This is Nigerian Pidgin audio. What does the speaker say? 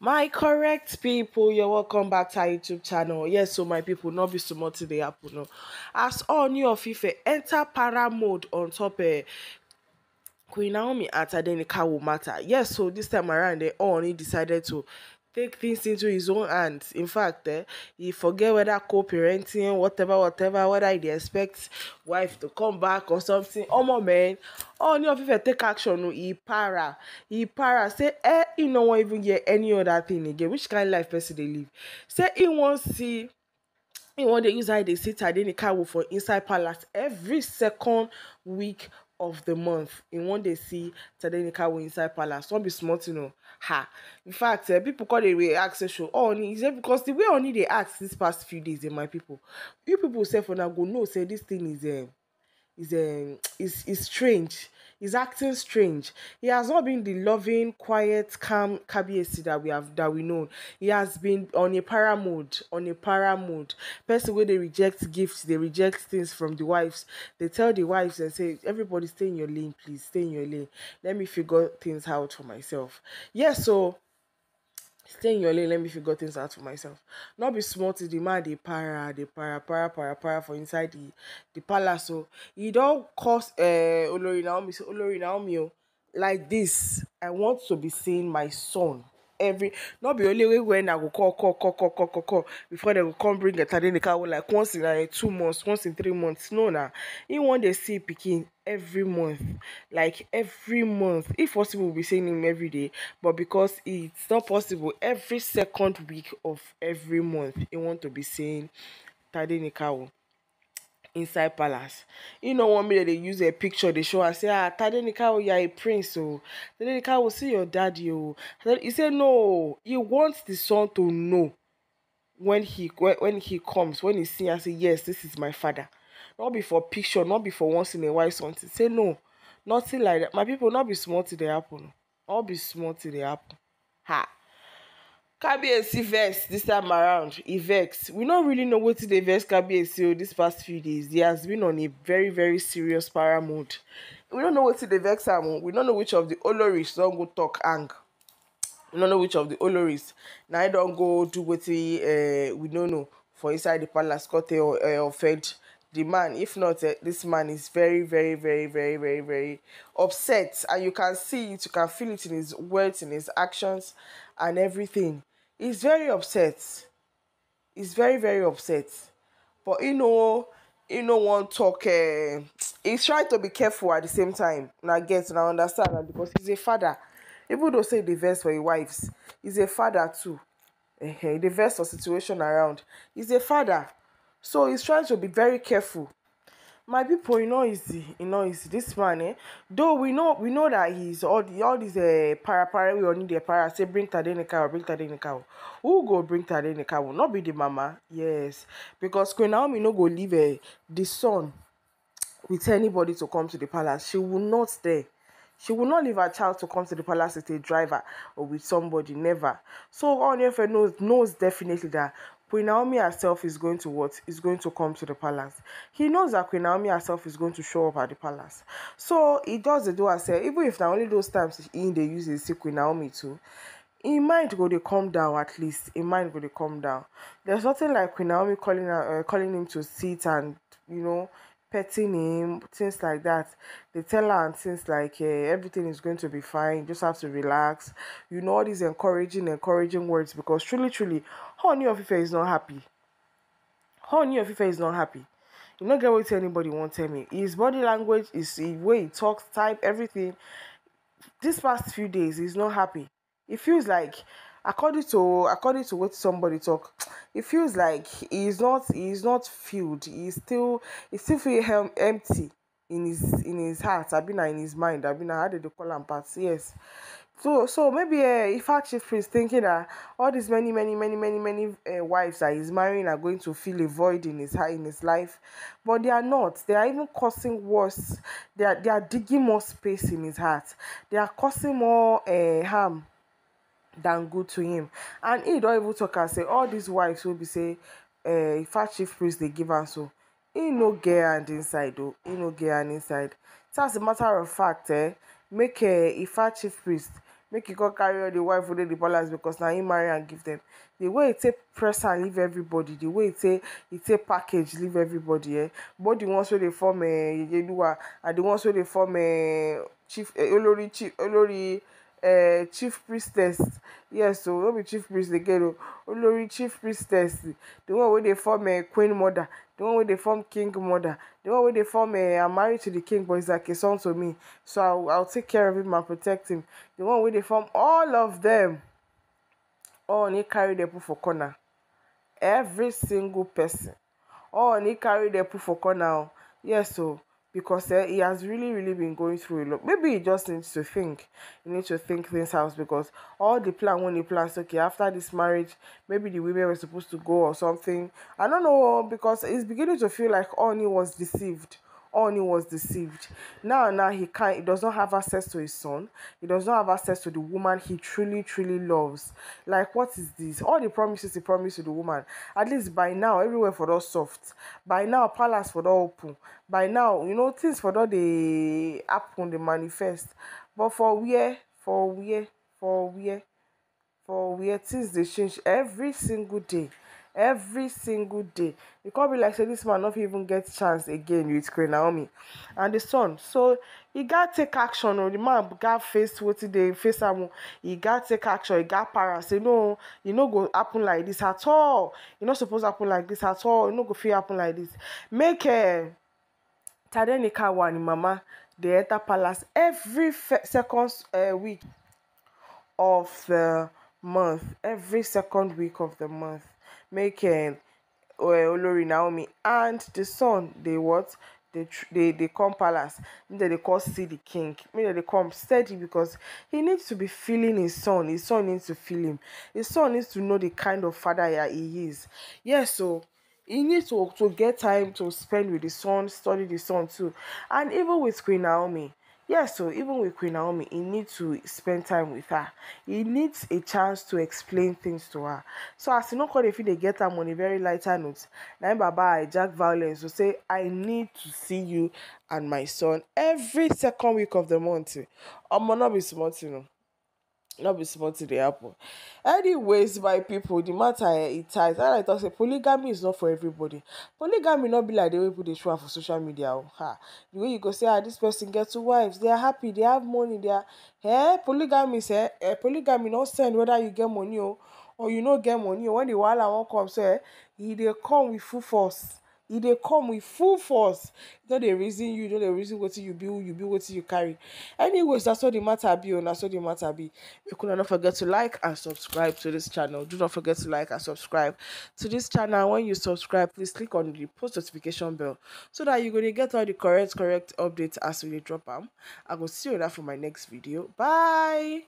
my correct people you're welcome back to our youtube channel yes so my people not be so much the apple. no. as all new of ife enter para mode on top uh, queen naomi and adenika will matter yes so this time around they only decided to take things into his own hands. In fact, eh, he forget whether co-parenting, whatever, whatever, whether he expects wife to come back or something. Oh my man, all of if take action, he para, he para. Say, eh, he no want even get any other thing again. Which kind of life person they live? Say he won't see. He want to use how they sit and then car can for inside palace every second week of the month in one day, see Tadenika wey inside palace no be small thing o ha in fact uh, people call dey react ask say so Ooni oh, is it because the way Ooni dey act these past few days dey eh, my people you people sef una go know say this thing is um, is um, is is strange is acting strange. He has not been the loving, quiet, calm Kabiesi that we have that we know. He has been on a para mode, on a para mode. Person where they reject gifts, they reject things from the wives. They tell the wives and say, "Everybody, stay in your lane, please. Stay in your lane. Let me figure things out for myself." Yes, yeah, so stay your lane let me figure things out for myself not be small till the man dey para dey para para para para for inside the the palace So oh. e don cause uh, olori naomi say olori naomi oh, like this i want to be seeing my son every not be only way when I go call, call, call, call, call, call, call before they go come bring a tadinika like once in like two months, once in three months. No na. In one they see picking every month. Like every month. If possible we'll be seeing him every day. But because it's not possible, every second week of every month, he want to be seeing Tade Nikawo inside palace you know one make they use a picture they show and say ah tadenika o oh, you are a prince o oh. tadenika will see your daddy oh." he say no he wants the son to know when he when, when he comes when he see and say yes this is my father not before picture not before once in a while something say no nothing like that my people not be smart to the apple, oh. no be smart to the apple, ha kabiyesi vex this time around e vex we no really know wetin dey vex kabiyesi o This past few days he has been on a very very serious para mood we no know wetin dey vex am o we no know which of the oloris don go talk hang we no know which of the oloris na im don go do wetin uh, we no know for inside the palace court uh, eh, offend the man if not uh, this man is very very very very very very upset and you can see it you can feel it in his words in his actions and everything he's very upset he's very very upset but you know, you know, one talk uh, eh, he's trying to be careful at the same time na get na understand na because he's a father even though say the dey for his wives he's a father too uh, he dey vex for situation around he's a father so he's trying to be very careful my people, you know, is you know, is this man, eh? Though we know we know that he's all the all these uh, para para we only the para. Say bring Tadenika, bring Tadenika. Who go bring Tadenika? Will not be the mama. Yes, because Queen Naomi no go leave uh, the son with anybody to come to the palace. She will not stay. She will not leave her child to come to the palace with a driver or with somebody, never. So Onyefe knows knows definitely that Queen Naomi herself is going to what is going to come to the palace. He knows that Queen Naomi herself is going to show up at the palace. So he does the do say. Even if now only those times in they use they see Queen Naomi too, he might go to calm down at least. He might go to calm down. There's nothing like Queen Naomi calling her, uh, calling him to sit and you know petting him, things like that. They tell her and things like, hey, eh, everything is going to be fine, you just have to relax. You know, all these encouraging, encouraging words because truly, truly, Honey of is not happy. Honey of is not happy. You not get what anybody won't tell me. His body language, his way he talks, type, everything. This past few days, he's not happy. It feels like according to according to what somebody talk it feels like he's not he's not filled he's still he still feel empty in his in his heart i have been in his mind i have been how the they call and parts yes so so maybe uh, if our chief priest thinking that all these many many many many many uh, wives that he's marrying are going to fill a void in his heart in his life, but they are not. They are even causing worse. They are they are digging more space in his heart. They are causing more uh, harm than good to him and he don't even talk. am say all these wives will be say if eh, fat chief priest they give am so he no get and inside though, he no get and inside so as a matter of fact eh make if eh, a chief priest make e go carry all the wife wey the di palace becos na him marry and give them. The way it e take press and leave everybody the way it say it take package leave everybody eh but the ones where they form eh, yeyeluwa and the ones where they form olori chief olori eh, chief priestess yes o no be chief priest again o olori chief priestess the one wey dey form uh, queen mother the one wey dey form king mother the one wey dey form uh, i'm married to the king but he's like a son to me so i'll, I'll take care of him and protect him the one wey dey form all of them Oh, Ooni carry them put for corner every single person Oh, Ooni carry them put for corner o yes o because uh, he has really really been going through a lot maybe he just needs to think he needs to think things out because all the plan when he plans okay after this marriage maybe the women were supposed to go or something i don't know because he's beginning to feel like Oni was deceived Oni was deceived. Now, now he can't, he does not have access to his son. He does not have access to the woman he truly, truly loves. Like, what is this? All the promises he promised to the woman. At least by now, everywhere for those soft. By now, palace for the open. By now, you know, things for that they happen, they manifest. But for where, for where, for where, for where things they change every single day every single day you can't be like say this man not even get chance again with queen naomi and the son so e gat take action o oh. di man got face wetin dey face am e gat take action He got parents say no you no go happen like this at all e no suppose happen like this at all You no go feel happen like this. make uh, eh, tadenikawa and mama they enter palace every second uh, week of the month every second week of the month Making um, eh, olori naomi and the son dey what dey dey come palace make dem dey come see the king make dem dey come steady because he needs to be feeling his son his son needs to feel him his son needs to know the kind of father yeah he is yes so he needs to to get time to spend with di son study the son too and even with queen naomi yeah, so even with Queen Naomi, he needs to spend time with her. He needs a chance to explain things to her. So as you know, if they get her money, very lighter notes. now Baba Jack Violence will say, I need to see you and my son every second week of the month. Ọmọ be smart, you know." no be small thing dey happen anyways my people the matter eh e tight and i talk say polygamy is not for everybody polygamy no be like the way people dey show am for social media o oh. ha the way you go say ah this person get two wives they are happy they have money they are eh polygamy eh, eh polygamy no send whether you get money o oh, or you no get money o when the wahala wan come so eh e dey come with full force e dey come with full force no dey reason you no dey reason wetin you build. you build wetin you carry anyways na so the matter be o na so the matter be make una no forget to like and subscribe to this channel do not forget to like and subscribe to this channel when you subscribe please click on the post notification bell so that you go dey get all the correct correct updates as we dey drop am i go see una for my next video bye.